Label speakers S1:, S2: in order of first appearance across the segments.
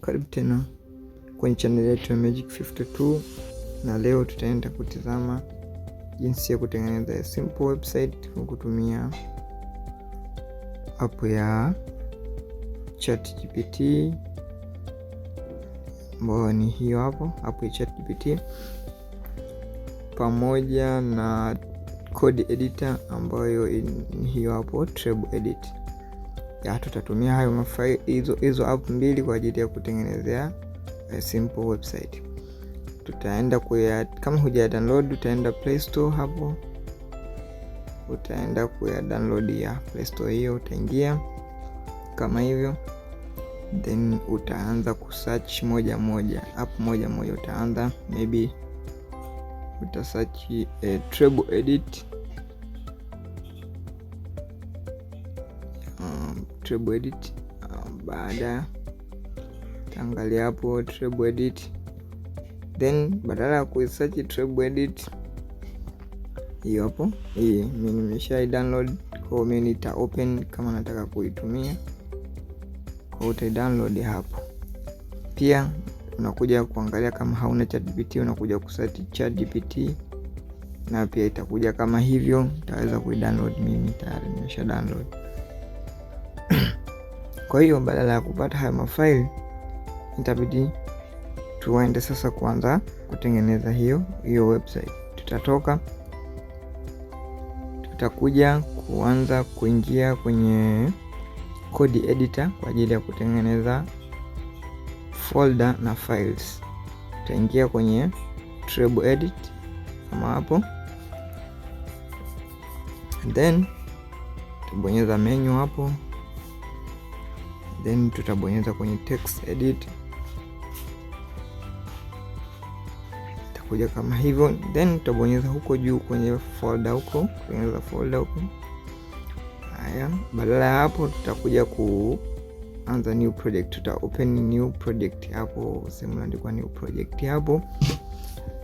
S1: Karibu tena kwenye chaneli yetu ya Magic 52 na leo tutaenda kutizama jinsi ya kutengeneza simple website kwa kutumia app ya ChatGPT ambayo ni hiyo hapo, app ya ChatGPT pamoja na code editor ambayo ni hiyo hapo Treble Edit tutatumia hayo mafaili hizo hizo app mbili kwa ajili ya kutengenezea a eh, simple website. Tutaenda kuya, kama huja download utaenda Play Store hapo, utaenda kuya download ya Play Store hiyo, utaingia kama hivyo, then utaanza kusearch moja moja app moja moja, utaanza maybe utasearch eh, treble edit treble edit. Ah, baada taangalia hapo treble edit, then badala ya kusearch treble edit hiyo hapo, hii mimi nimesha download, kwa mimi nita open kama nataka kuitumia, kwa uta download hapo. Pia unakuja kuangalia kama hauna ChatGPT, unakuja kusearch ChatGPT na pia itakuja kama hivyo, utaweza kuidownload. Mimi tayari nimesha download. Kwa hiyo badala ya kupata haya mafaili itabidi tuende sasa kuanza kutengeneza hiyo hiyo website. Tutatoka tutakuja kuanza kuingia kwenye code editor kwa ajili ya kutengeneza folder na files. Tutaingia kwenye treble edit kama hapo, and then tubonyeza menu hapo then tutabonyeza kwenye text edit, itakuja kama hivyo, then tutabonyeza huko juu kwenye folder huko, tutabonyeza folder huko. Haya, badala ya hapo tutakuja kuanza new project, tuta open new project hapo sehemu naandikwa new project hapo,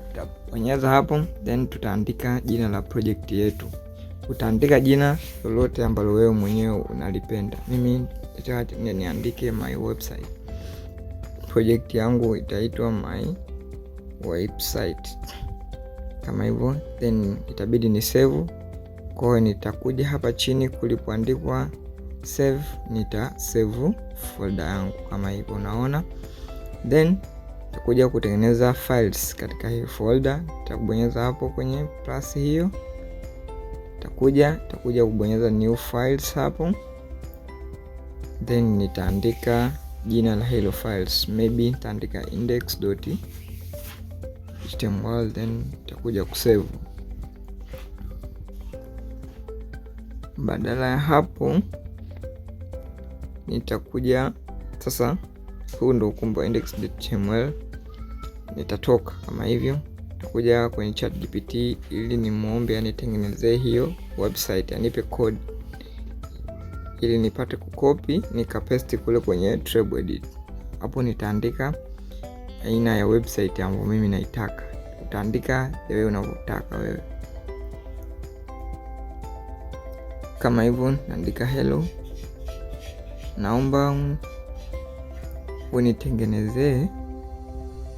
S1: tutabonyeza hapo, then tutaandika jina la project yetu utaandika jina lolote ambalo wewe mwenyewe unalipenda. Mimi niandike my website, project yangu itaitwa my website kama hivyo, then itabidi ni save. Kwa hiyo nitakuja hapa chini kulipoandikwa save, nita save folder yangu kama hivyo, unaona then nitakuja kutengeneza files katika hii folder, nitabonyeza hapo kwenye plus hiyo takuja takuja kubonyeza new files hapo, then nitaandika jina la hilo files, maybe nitaandika index.html then nitakuja kusave. Badala ya hapo nitakuja sasa, huu ndo ukumbu wa index.html, nitatoka kama hivyo kuja kwenye chat GPT ili nimwombe anitengenezee hiyo website, anipe code ili nipate kukopi nikapesti kule kwenye Treble Edit. Hapo nitaandika aina ya website ambayo mimi naitaka, utaandika wewe unavyotaka wewe. Kama hivyo naandika hello, naomba unitengenezee,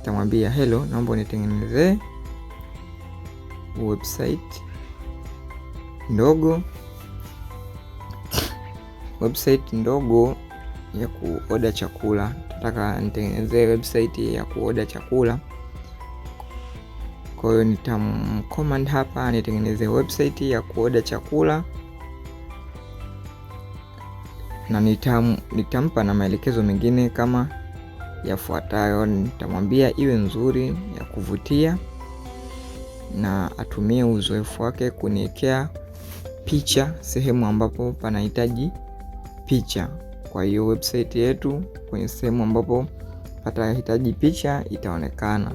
S1: tamwambia hello, naomba unitengenezee website ndogo website ndogo ya kuoda chakula. Nataka nitengeneze website ya kuoda chakula, kwa hiyo nitamcommand hapa nitengeneze website ya kuoda chakula na nitam, nitampa na maelekezo mengine kama yafuatayo. Nitamwambia iwe nzuri ya kuvutia na atumie uzoefu wake kuniwekea picha sehemu ambapo panahitaji picha. Kwa hiyo website yetu kwenye sehemu ambapo patahitaji picha itaonekana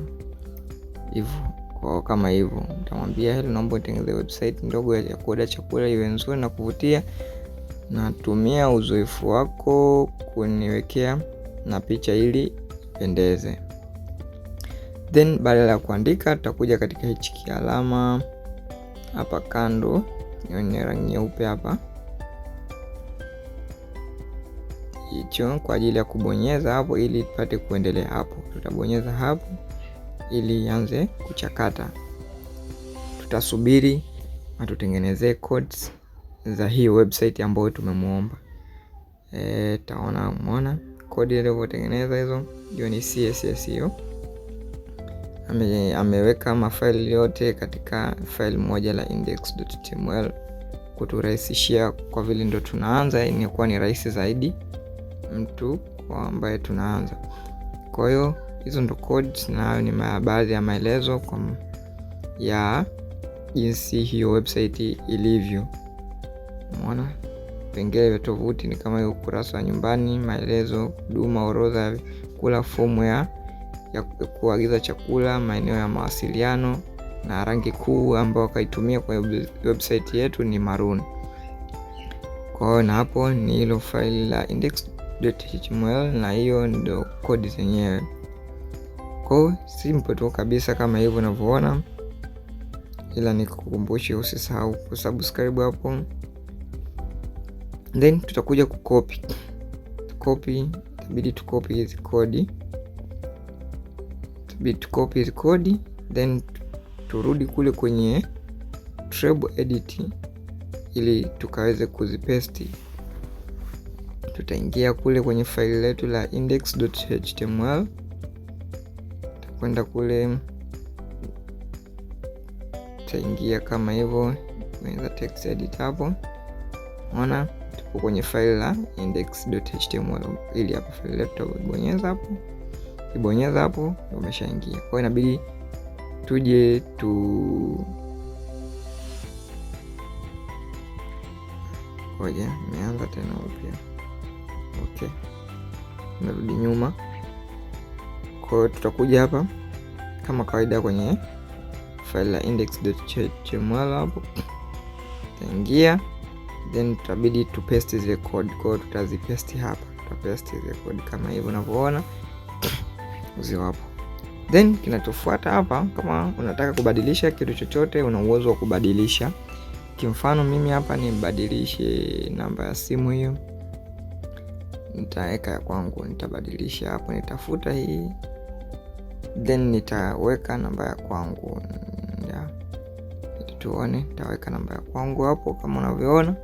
S1: hivyo. Kwa kama hivyo, nitamwambia heli, naomba nitengeneze website ndogo ya kuoda chakula iwe nzuri na kuvutia, natumia uzoefu wako kuniwekea na picha ili pendeze. Then badala ya kuandika tutakuja katika hichi kialama hapa kando yenye rangi nyeupe hapa hicho kwa ajili ya kubonyeza hapo ili tupate kuendelea hapo. Tutabonyeza hapo ili ianze kuchakata. Tutasubiri atutengenezee codes za hii website ambayo tumemuomba. E, eh, taona mwona kodi ilivyotengeneza hizo, hiyo ni CSS hiyo ame, ameweka mafaili yote katika faili moja la index.html kuturahisishia, kwa vile ndo tunaanza, inakuwa ni rahisi zaidi mtu ambaye tunaanza. Kwa hiyo hizo ndo codes, na hayo ni baadhi ya maelezo kwa ya jinsi hiyo website ilivyo. Umeona vipengele vya tovuti ni kama hiyo, ukurasa wa nyumbani, maelezo, huduma, orodha, kula fomu ya ya kuagiza chakula, maeneo ya mawasiliano na rangi kuu ambayo wakaitumia kwa website yetu ni maroon. Kwa hiyo na hapo ni hilo faili la index.html na hiyo ndio kodi zenyewe. Kwa hiyo simple tu kabisa kama hivyo unavyoona, ila nikukumbushe usisahau kusubscribe hapo, then tutakuja kukopi. Tukopi, itabidi tukopi hizi kodi copy record then turudi kule kwenye treble edit ili tukaweze kuzipaste. Tutaingia kule kwenye faili letu la index.html, takwenda kule, tutaingia kama hivyo, tunaweza text edit hapo. Unaona tupo kwenye faili la index.html, ili hapa faili letu tutabonyeza hapo kibonyeza hapo umeshaingia. Kwa hiyo inabidi tuje tu oje, nimeanza tena upya. Okay, narudi nyuma. Kwa hiyo tutakuja hapa kama kawaida kwenye fail la index.html hapo taingia then tutabidi tupesti zile code. Kwa hiyo tutazipaste hapa, tutapesti zile code kama hivyo unavyoona uziwa hapo. Then kinachofuata hapa, kama unataka kubadilisha kitu chochote, una uwezo wa kubadilisha. Kimfano mimi hapa nibadilishe namba ya simu hiyo, nitaweka ya kwangu, nitabadilisha hapo, nitafuta hii then nitaweka namba ya kwangu, tuone, nitaweka namba ya kwangu hapo kama unavyoona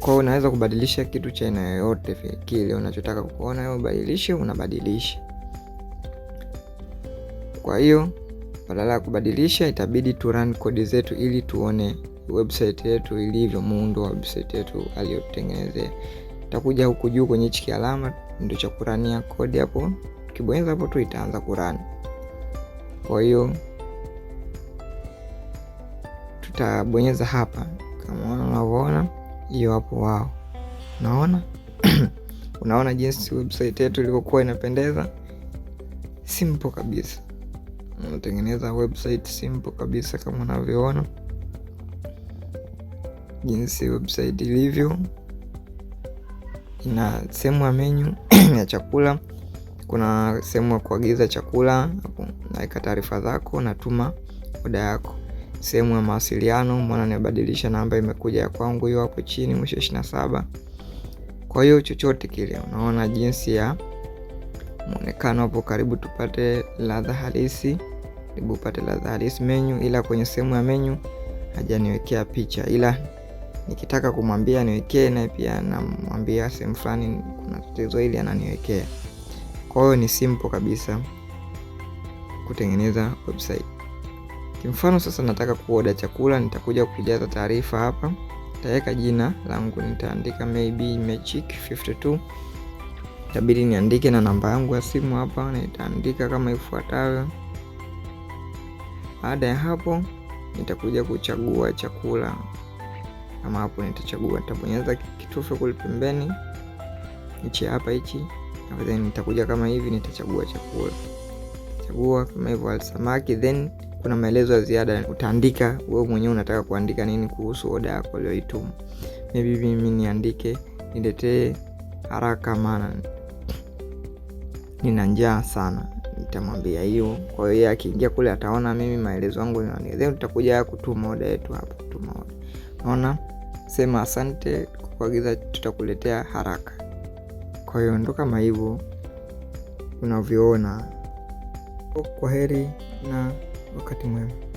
S1: kwao unaweza kubadilisha kitu cha aina yoyote kile unachotaka kuona wewe ubadilishe unabadilisha kwa hiyo badala ya kubadilisha itabidi tu run kodi zetu ili tuone website yetu ilivyo muundo wa website yetu aliyotengenezea takuja huku juu kwenye hichi kialama ndo cha kurania kodi hapo ukibonyeza hapo tu itaanza kurani kwa hiyo tutabonyeza hapa kama unavyoona iwapo wao. Unaona? Unaona jinsi website yetu ilivyokuwa inapendeza? Simple kabisa. Unatengeneza website simple kabisa kama unavyoona jinsi website ilivyo, ina sehemu ya menu ya chakula. Kuna sehemu ya kuagiza chakula, naweka taarifa zako, natuma oda yako sehemu ya mawasiliano, mbona nibadilisha namba imekuja ya kwangu hiyo hapo chini mwisho saba. Kwa hiyo chochote kile unaona jinsi ya mwonekano hapo, karibu tupate ladha halisi, karibu upate ladha halisi menyu, ila kwenye sehemu ya menu hajaniwekea picha, ila nikitaka kumwambia niwekee, naye pia namwambia sehemu fulani kuna tatizo hili, ananiwekea. Kwa hiyo ni simple kabisa kutengeneza website. Kimfano sasa nataka kuoda chakula, nitakuja kujaza taarifa hapa, nitaweka jina langu, nitaandika maybe magic 52 itabidi niandike na namba yangu ya simu hapa, nitaandika kama ifuatavyo. Baada ya hapo, nitakuja kuchagua chakula kama hapo, nitachagua, nitabonyeza kitufe kule pembeni hichi hapa hichi, then nitakuja kama hivi, nitachagua chakula, chagua kama hivyo samaki then kuna maelezo ya ziada. Utaandika wewe mwenyewe unataka kuandika nini kuhusu oda yako uliyoituma. Maybe mimi niandike niletee haraka, maana nina njaa sana, nitamwambia hiyo. Kwa hiyo akiingia kule ataona mimi maelezo yangu, then tutakuja kutuma oda yetu hapo. Kutuma oda, naona sema asante kuagiza, tutakuletea haraka. Kwa hiyo ndo kama hivyo unavyoona. Kwa heri na wakati mwema.